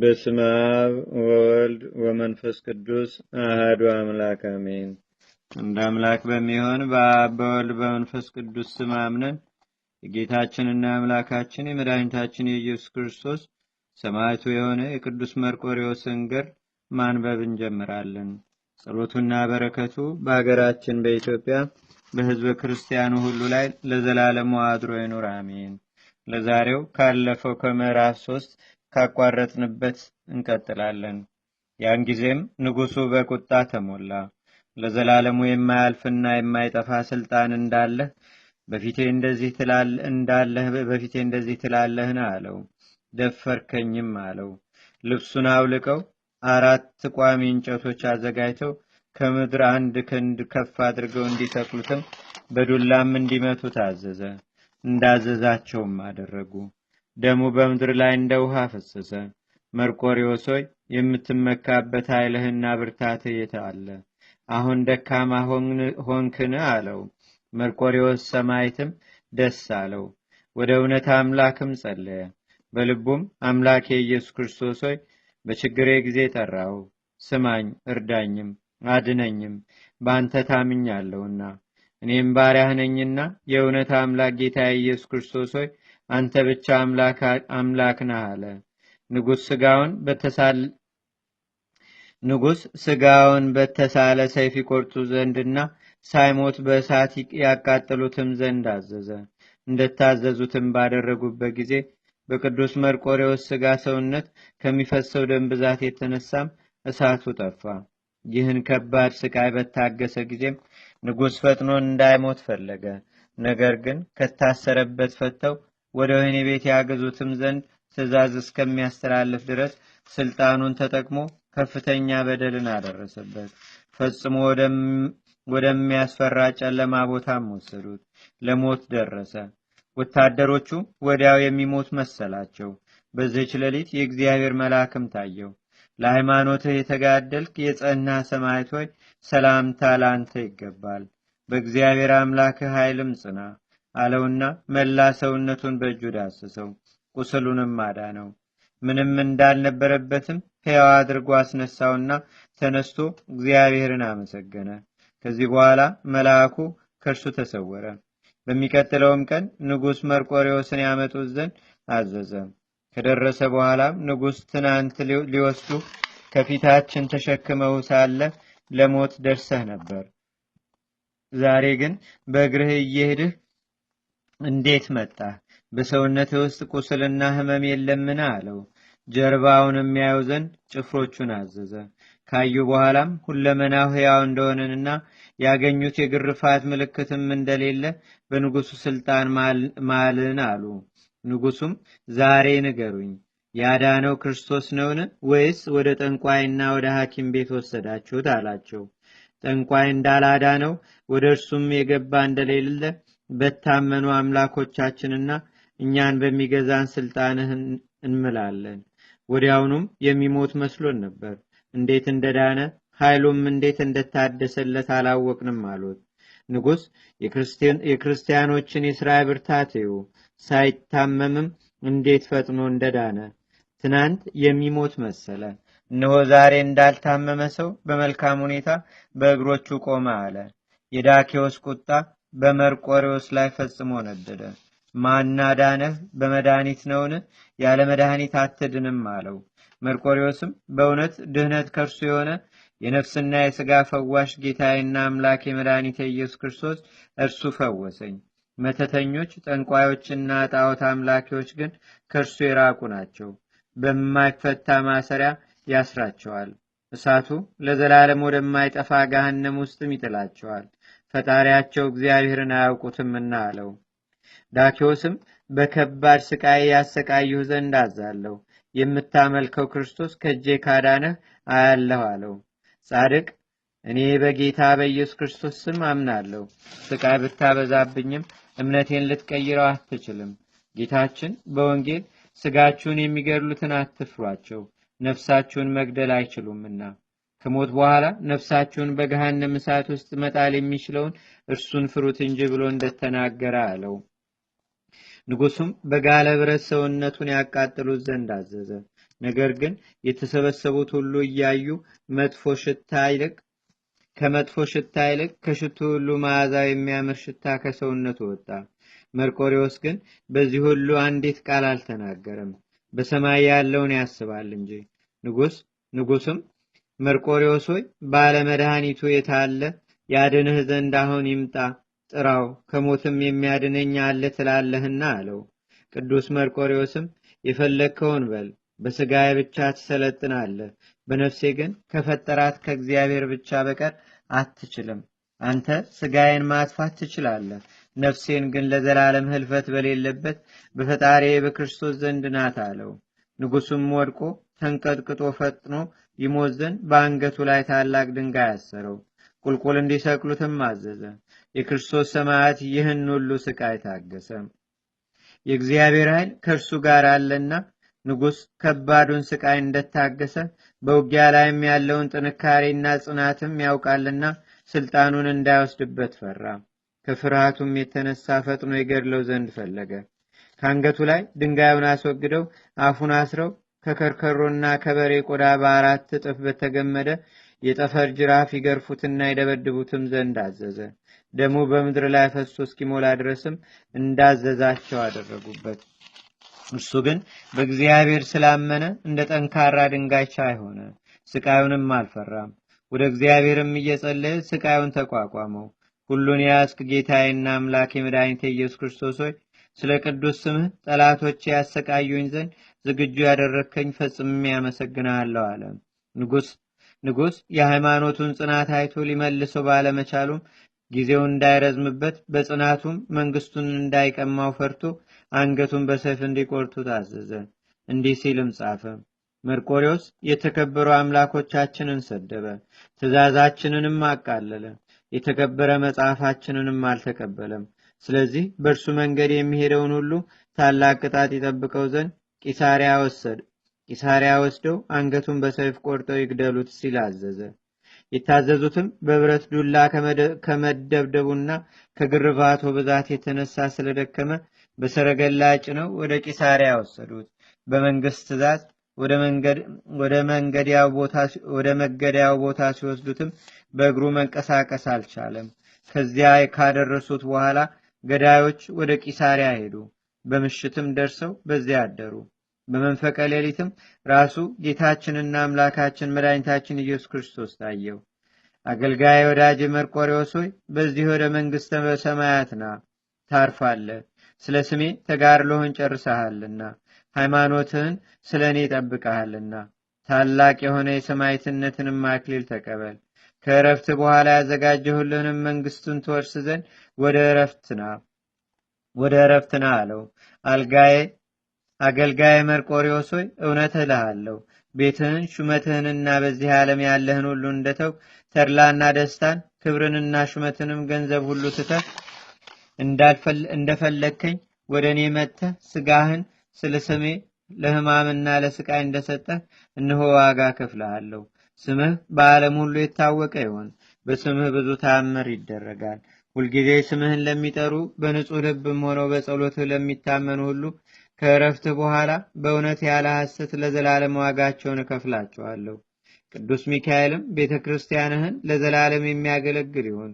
በስመ አብ ወወልድ ወመንፈስ ቅዱስ አህዱ አምላክ አሜን። እንደ አምላክ በሚሆን በአብ በወልድ በመንፈስ ቅዱስ ስም አምነን የጌታችንና አምላካችን የመድኃኒታችን የኢየሱስ ክርስቶስ ሰማዕቱ የሆነ የቅዱስ መርቆሬዎስን ገድል ማንበብ እንጀምራለን። ጸሎቱና በረከቱ በሀገራችን በኢትዮጵያ በሕዝበ ክርስቲያኑ ሁሉ ላይ ለዘላለሙ አድሮ ይኑር አሜን። ለዛሬው ካለፈው ከምዕራፍ ሶስት ካቋረጥንበት እንቀጥላለን። ያን ጊዜም ንጉሡ በቁጣ ተሞላ። ለዘላለሙ የማያልፍና የማይጠፋ ስልጣን እንዳለህ በፊቴ እንደዚህ ትላለህ እንዳለህ በፊቴ እንደዚህ ትላለህን አለው። ደፈርከኝም አለው። ልብሱን አውልቀው አራት ቋሚ እንጨቶች አዘጋጅተው ከምድር አንድ ክንድ ከፍ አድርገው እንዲተክሉትም በዱላም እንዲመቱ ታዘዘ። እንዳዘዛቸውም አደረጉ። ደሙ በምድር ላይ እንደ ውሃ ፈሰሰ። መርቆሪዎስ ሆይ የምትመካበት ኃይልህና ብርታት የት አለ? አሁን ደካማ ሆንክን አለው። መርቆሪዎስ ሰማይትም ደስ አለው። ወደ እውነት አምላክም ጸለየ። በልቡም አምላኬ ኢየሱስ ክርስቶስ ሆይ በችግሬ ጊዜ ጠራው፣ ስማኝ፣ እርዳኝም፣ አድነኝም በአንተ ታምኛለሁና እኔም ባሪያህ ነኝና የእውነት አምላክ ጌታ ኢየሱስ ክርስቶስ ሆይ አንተ ብቻ አምላክ ነህ አለ። ንጉሥ ስጋውን በተሳል ንጉሥ በተሳለ ሰይፍ ይቆርጡ ዘንድና ሳይሞት በእሳት ያቃጥሉትም ዘንድ አዘዘ። እንደታዘዙትም ባደረጉበት ጊዜ በቅዱስ መርቆሬዎስ ስጋ ሰውነት ከሚፈሰው ደም ብዛት የተነሳም እሳቱ ጠፋ። ይህን ከባድ ስቃይ በታገሰ ጊዜም ንጉሥ ፈጥኖ እንዳይሞት ፈለገ። ነገር ግን ከታሰረበት ፈተው ወደ ወህኒ ቤት ያገዙትም ዘንድ ትእዛዝ እስከሚያስተላልፍ ድረስ ስልጣኑን ተጠቅሞ ከፍተኛ በደልን አደረሰበት። ፈጽሞ ወደሚያስፈራ ጨለማ ቦታም ወሰዱት። ለሞት ደረሰ። ወታደሮቹ ወዲያው የሚሞት መሰላቸው። በዚች ሌሊት የእግዚአብሔር መልአክም ታየው። ለሃይማኖትህ የተጋደልክ የጸና ሰማዕት ሆይ ሰላምታ ለአንተ ይገባል። በእግዚአብሔር አምላክህ ኃይልም ጽና አለውና መላ ሰውነቱን በእጁ ዳሰሰው፣ ቁስሉንም ነው። ምንም እንዳልነበረበትም ሕያው አድርጎ አስነሳውና ተነስቶ እግዚአብሔርን አመሰገነ። ከዚህ በኋላ መልአኩ ከእርሱ ተሰወረ። በሚቀጥለውም ቀን ንጉሥ መርቆሬዎስን ያመጡት ዘንድ አዘዘ። ከደረሰ በኋላም ንጉሥ ትናንት ሊወስዱ ከፊታችን ተሸክመው ሳለ ለሞት ደርሰህ ነበር። ዛሬ ግን በእግርህ እየሄድህ እንዴት መጣ? በሰውነት ውስጥ ቁስልና ህመም የለምን? አለው። ጀርባውን የሚያዩ ዘንድ ጭፍሮቹን አዘዘ። ካዩ በኋላም ሁለመና ሕያው እንደሆነንና ያገኙት የግርፋት ምልክትም እንደሌለ በንጉሱ ስልጣን ማልን አሉ። ንጉሱም ዛሬ ንገሩኝ፣ ያዳነው ክርስቶስ ነውን? ወይስ ወደ ጠንቋይና ወደ ሐኪም ቤት ወሰዳችሁት? አላቸው። ጠንቋይ እንዳላዳነው ወደ እርሱም የገባ እንደሌለ በታመኑ አምላኮቻችንና እኛን በሚገዛን ስልጣንህ እንምላለን። ወዲያውኑም የሚሞት መስሎን ነበር። እንዴት እንደዳነ ኃይሉም እንዴት እንደታደሰለት አላወቅንም አሉት። ንጉሥ የክርስቲያኖችን የሥራ ብርታት እዩ፣ ሳይታመምም እንዴት ፈጥኖ እንደዳነ ትናንት የሚሞት መሰለ። እነሆ ዛሬ እንዳልታመመ ሰው በመልካም ሁኔታ በእግሮቹ ቆመ አለ። የዳኪዎስ ቁጣ በመርቆሪዎስ ላይ ፈጽሞ ነደደ። ማን አዳነህ? በመድኃኒት ነውን? ያለ መድኃኒት አትድንም አለው። መርቆሪዎስም በእውነት ድህነት ከእርሱ የሆነ የነፍስና የሥጋ ፈዋሽ ጌታዬና አምላክ የመድኃኒቴ ኢየሱስ ክርስቶስ እርሱ ፈወሰኝ። መተተኞች፣ ጠንቋዮችና ጣዖት አምላኪዎች ግን ከእርሱ የራቁ ናቸው። በማይፈታ ማሰሪያ ያስራቸዋል። እሳቱ ለዘላለም ወደማይጠፋ ገሃነም ውስጥም ይጥላቸዋል። ፈጣሪያቸው እግዚአብሔርን አያውቁትምና አለው። ዳኪዎስም በከባድ ስቃይ ያሰቃዩህ ዘንድ አዛለሁ፣ የምታመልከው ክርስቶስ ከእጄ ካዳነህ አያለሁ አለው። ጻድቅ እኔ በጌታ በኢየሱስ ክርስቶስ ስም አምናለሁ፣ ስቃይ ብታበዛብኝም እምነቴን ልትቀይረው አትችልም። ጌታችን በወንጌል ስጋችሁን የሚገድሉትን አትፍሯቸው፣ ነፍሳችሁን መግደል አይችሉምና ከሞት በኋላ ነፍሳችሁን በገሃነም እሳት ውስጥ መጣል የሚችለውን እርሱን ፍሩት እንጂ ብሎ እንደተናገረ አለው። ንጉሱም በጋለ ብረት ሰውነቱን ያቃጥሉት ዘንድ አዘዘ። ነገር ግን የተሰበሰቡት ሁሉ እያዩ መጥፎ ሽታ ይልቅ ከመጥፎ ሽታ ይልቅ ከሽቱ ሁሉ መዓዛው የሚያምር ሽታ ከሰውነቱ ወጣ። መርቆሪዎስ ግን በዚህ ሁሉ አንዲት ቃል አልተናገረም፣ በሰማይ ያለውን ያስባል እንጂ ንጉስ ንጉስም መርቆሪዎስ ሆይ መድኃኒቱ የታለ ያድንህ ዘንድ አሁን ይምጣ ጥራው ከሞትም የሚያድነኝ አለ ትላለህና አለው። ቅዱስ መርቆሪዎስም የፈለግከውን በል በስጋዬ ብቻ ትሰለጥናለህ፣ በነፍሴ ግን ከፈጠራት ከእግዚአብሔር ብቻ በቀር አትችልም። አንተ ስጋዬን ማጥፋት ትችላለህ፣ ነፍሴን ግን ለዘላለም ህልፈት በሌለበት በፈጣሪ በክርስቶስ ዘንድ ናት አለው። ንጉሱም ወድቆ ተንቀጥቅጦ ፈጥኖ ይሞት ዘንድ በአንገቱ ላይ ታላቅ ድንጋይ አሰረው፣ ቁልቁል እንዲሰቅሉትም አዘዘ። የክርስቶስ ሰማዕት ይህን ሁሉ ስቃይ ታገሰ። የእግዚአብሔር ኃይል ከእርሱ ጋር አለና ንጉሥ ከባዱን ስቃይ እንደታገሰ በውጊያ ላይም ያለውን ጥንካሬና ጽናትም ያውቃልና ስልጣኑን እንዳይወስድበት ፈራ። ከፍርሃቱም የተነሳ ፈጥኖ የገድለው ዘንድ ፈለገ። ከአንገቱ ላይ ድንጋዩን አስወግደው አፉን አስረው ከከርከሮና ከበሬ ቆዳ በአራት እጥፍ በተገመደ የጠፈር ጅራፍ ይገርፉትና ይደበድቡትም ዘንድ አዘዘ። ደሙ በምድር ላይ ፈሶ እስኪሞላ ድረስም እንዳዘዛቸው አደረጉበት። እርሱ ግን በእግዚአብሔር ስላመነ እንደ ጠንካራ ድንጋይ ቻይ ሆነ፣ ስቃዩንም አልፈራም። ወደ እግዚአብሔርም እየጸለየ ስቃዩን ተቋቋመው። ሁሉን የያስክ ጌታዬና አምላክ የመድኃኒቴ ኢየሱስ ክርስቶስ ሆይ ስለ ቅዱስ ስምህ ጠላቶቼ ያሰቃዩኝ ዘንድ ዝግጁ ያደረግከኝ ፈጽሜ ያመሰግናለሁ አለ። ንጉስ ንጉስ የሃይማኖቱን ጽናት አይቶ ሊመልሰው ባለመቻሉም ጊዜው እንዳይረዝምበት በጽናቱም መንግስቱን እንዳይቀማው ፈርቶ አንገቱን በሰይፍ እንዲቆርጡ ታዘዘ። እንዲህ ሲልም ጻፈ። መርቆሪዎስ የተከበሩ አምላኮቻችንን ሰደበ፣ ትእዛዛችንንም አቃለለ፣ የተከበረ መጽሐፋችንንም አልተቀበለም። ስለዚህ በእርሱ መንገድ የሚሄደውን ሁሉ ታላቅ ቅጣት ይጠብቀው ዘንድ ቂሳሪያ ወሰድ ቂሳሪያ ወስደው አንገቱን በሰይፍ ቆርጠው ይግደሉት ሲል አዘዘ። የታዘዙትም በብረት ዱላ ከመደብደቡና ከግርፋቶ ብዛት የተነሳ ስለደከመ በሰረገላጭ ነው ወደ ቂሳሪያ ወሰዱት። በመንግስት ትእዛዝ ወደ መንገዲያው ቦታ ሲወስዱትም በእግሩ መንቀሳቀስ አልቻለም። ከዚያ ካደረሱት በኋላ ገዳዮች ወደ ቂሳሪያ ሄዱ። በምሽትም ደርሰው በዚያ አደሩ። በመንፈቀ ሌሊትም ራሱ ጌታችንና አምላካችን መድኃኒታችን ኢየሱስ ክርስቶስ ታየው። አገልጋይ ወዳጅ መርቆሬዎስ ሆይ በዚህ ወደ መንግሥተ ሰማያት ና ታርፋለህ። ስለ ስሜ ተጋድሎህን ጨርሰሃልና ሃይማኖትህን ስለ እኔ ጠብቀሃልና ታላቅ የሆነ የሰማዕትነትንም አክሊል ተቀበል። ከእረፍት በኋላ ያዘጋጀሁልህንም መንግሥቱን ትወርስ ዘንድ ወደ እረፍት ና ወደ እረፍት ና አለው። አልጋዬ አገልጋይ መርቆሪዎስ ሆይ እውነት እልሃለሁ ቤትህን ሹመትህንና በዚህ ዓለም ያለህን ሁሉ እንደተው ተድላና ደስታን ክብርንና ሹመትንም ገንዘብ ሁሉ ትተህ እንደፈለግከኝ ወደ እኔ መጥተህ ስጋህን ስለ ስሜ ለህማምና ለስቃይ እንደሰጠህ እንሆ ዋጋ ክፍልሃለሁ ስምህ በዓለም ሁሉ የታወቀ ይሆን፣ በስምህ ብዙ ተአምር ይደረጋል። ሁልጊዜ ስምህን ለሚጠሩ በንጹህ ልብም ሆነው በጸሎት ለሚታመኑ ሁሉ ከእረፍትህ በኋላ በእውነት ያለ ሐሰት ለዘላለም ዋጋቸውን እከፍላቸዋለሁ። ቅዱስ ሚካኤልም ቤተ ክርስቲያንህን ለዘላለም የሚያገለግል ይሆን።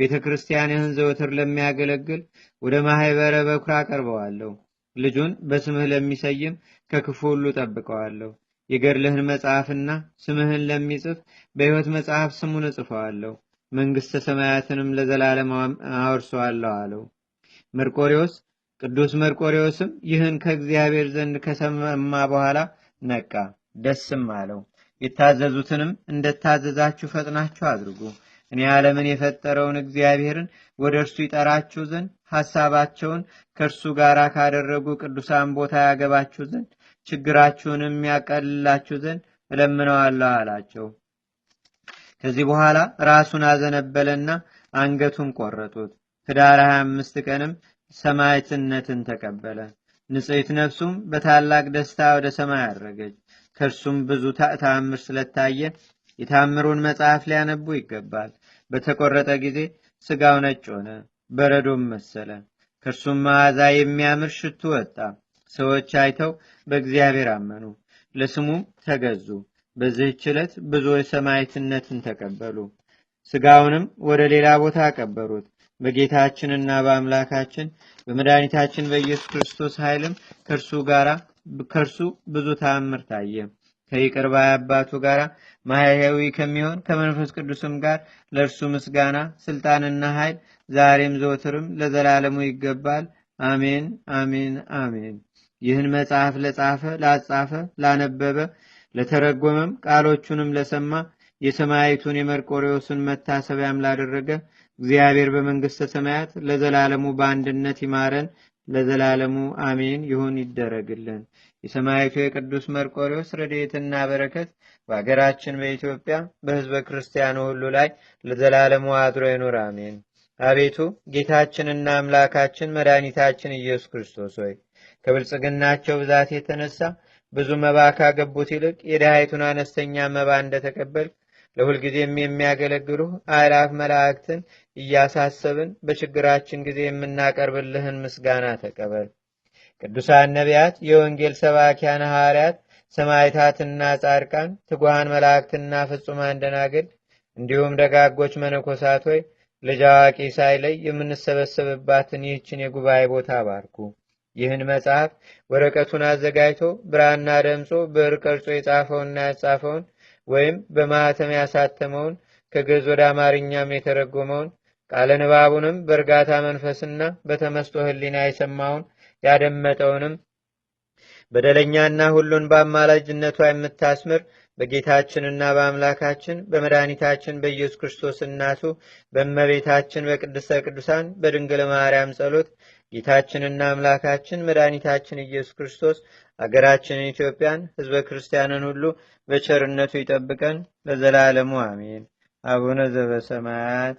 ቤተ ክርስቲያንህን ዘወትር ለሚያገለግል ወደ ማህበረ በኩር አቀርበዋለሁ። ልጁን በስምህ ለሚሰይም ከክፉ ሁሉ ጠብቀዋለሁ። የገድልህን መጽሐፍና ስምህን ለሚጽፍ በሕይወት መጽሐፍ ስሙን እጽፈዋለሁ። መንግሥተ ሰማያትንም ለዘላለም አወርሰዋለሁ አለው። መርቆሪዎስ ቅዱስ መርቆሪዎስም ይህን ከእግዚአብሔር ዘንድ ከሰማ በኋላ ነቃ፣ ደስም አለው። የታዘዙትንም እንደታዘዛችሁ ፈጥናችሁ አድርጉ። እኔ ዓለምን የፈጠረውን እግዚአብሔርን ወደ እርሱ ይጠራችሁ ዘንድ ሐሳባቸውን ከእርሱ ጋር ካደረጉ ቅዱሳን ቦታ ያገባችሁ ዘንድ ችግራችሁንም ያቀልላችሁ ዘንድ እለምነዋለሁ አላቸው። ከዚህ በኋላ ራሱን አዘነበለና አንገቱን ቆረጡት። ህዳር 25 ቀንም ሰማዕትነትን ተቀበለ። ንጽሕት ነፍሱም በታላቅ ደስታ ወደ ሰማይ አረገች። ከእርሱም ብዙ ተአምር ስለታየ የታምሩን መጽሐፍ ሊያነቡ ይገባል። በተቆረጠ ጊዜ ስጋው ነጭ ሆነ፣ በረዶም መሰለ። ከእርሱም መዓዛ የሚያምር ሽቱ ወጣ። ሰዎች አይተው በእግዚአብሔር አመኑ፣ ለስሙም ተገዙ። በዚህች ዕለት ብዙዎች ሰማዕትነትን ተቀበሉ። ስጋውንም ወደ ሌላ ቦታ አቀበሩት። በጌታችንና በአምላካችን በመድኃኒታችን በኢየሱስ ክርስቶስ ኃይልም ከእርሱ ጋር ከእርሱ ብዙ ተአምር ታየ። ከይቅር ባይ አባቱ ጋር ማህያዊ ከሚሆን ከመንፈስ ቅዱስም ጋር ለእርሱ ምስጋና ስልጣንና ኃይል ዛሬም ዘወትርም ለዘላለሙ ይገባል። አሜን፣ አሜን፣ አሜን። ይህን መጽሐፍ ለጻፈ፣ ላጻፈ፣ ላነበበ ለተረጎመም ቃሎቹንም ለሰማ የሰማያዊቱን የመርቆሪዎስን መታሰቢያም ላደረገ እግዚአብሔር በመንግሥተ ሰማያት ለዘላለሙ በአንድነት ይማረን፣ ለዘላለሙ አሜን ይሁን ይደረግልን። የሰማያዊቱ የቅዱስ መርቆሪዎስ ረድኤትና በረከት በአገራችን በኢትዮጵያ በህዝበ ክርስቲያኑ ሁሉ ላይ ለዘላለሙ አድሮ ይኑር፣ አሜን። አቤቱ ጌታችንና አምላካችን መድኃኒታችን ኢየሱስ ክርስቶስ ሆይ ከብልጽግናቸው ብዛት የተነሳ ብዙ መባ ካገቡት ይልቅ የድሃይቱን አነስተኛ መባ እንደተቀበል ለሁልጊዜም የሚያገለግሉ አእላፍ መላእክትን እያሳሰብን በችግራችን ጊዜ የምናቀርብልህን ምስጋና ተቀበል። ቅዱሳን ነቢያት፣ የወንጌል ሰባኪያን ሐዋርያት፣ ሰማይታትና ጻድቃን፣ ትጓሃን መላእክትና ፍጹማን ደናግል እንዲሁም ደጋጎች መነኮሳት ሆይ ልጅ አዋቂ ሳይለይ የምንሰበሰብባትን ይህችን የጉባኤ ቦታ ባርኩ። ይህን መጽሐፍ ወረቀቱን አዘጋጅቶ ብራና ደምጾ ብር ቀርጾ የጻፈውንና ያጻፈውን ወይም በማኅተም ያሳተመውን ከግዕዝ ወደ አማርኛም የተረጎመውን ቃለ ንባቡንም በእርጋታ መንፈስና በተመስጦ ህሊና የሰማውን ያደመጠውንም በደለኛና ሁሉን በአማላጅነቷ የምታስምር በጌታችንና በአምላካችን በመድኃኒታችን በኢየሱስ ክርስቶስ እናቱ በእመቤታችን በቅድስተ ቅዱሳን በድንግል ማርያም ጸሎት ጌታችንና አምላካችን መድኃኒታችን ኢየሱስ ክርስቶስ አገራችንን ኢትዮጵያን፣ ህዝበ ክርስቲያንን ሁሉ በቸርነቱ ይጠብቀን ለዘላለሙ አሜን። አቡነ ዘበሰማያት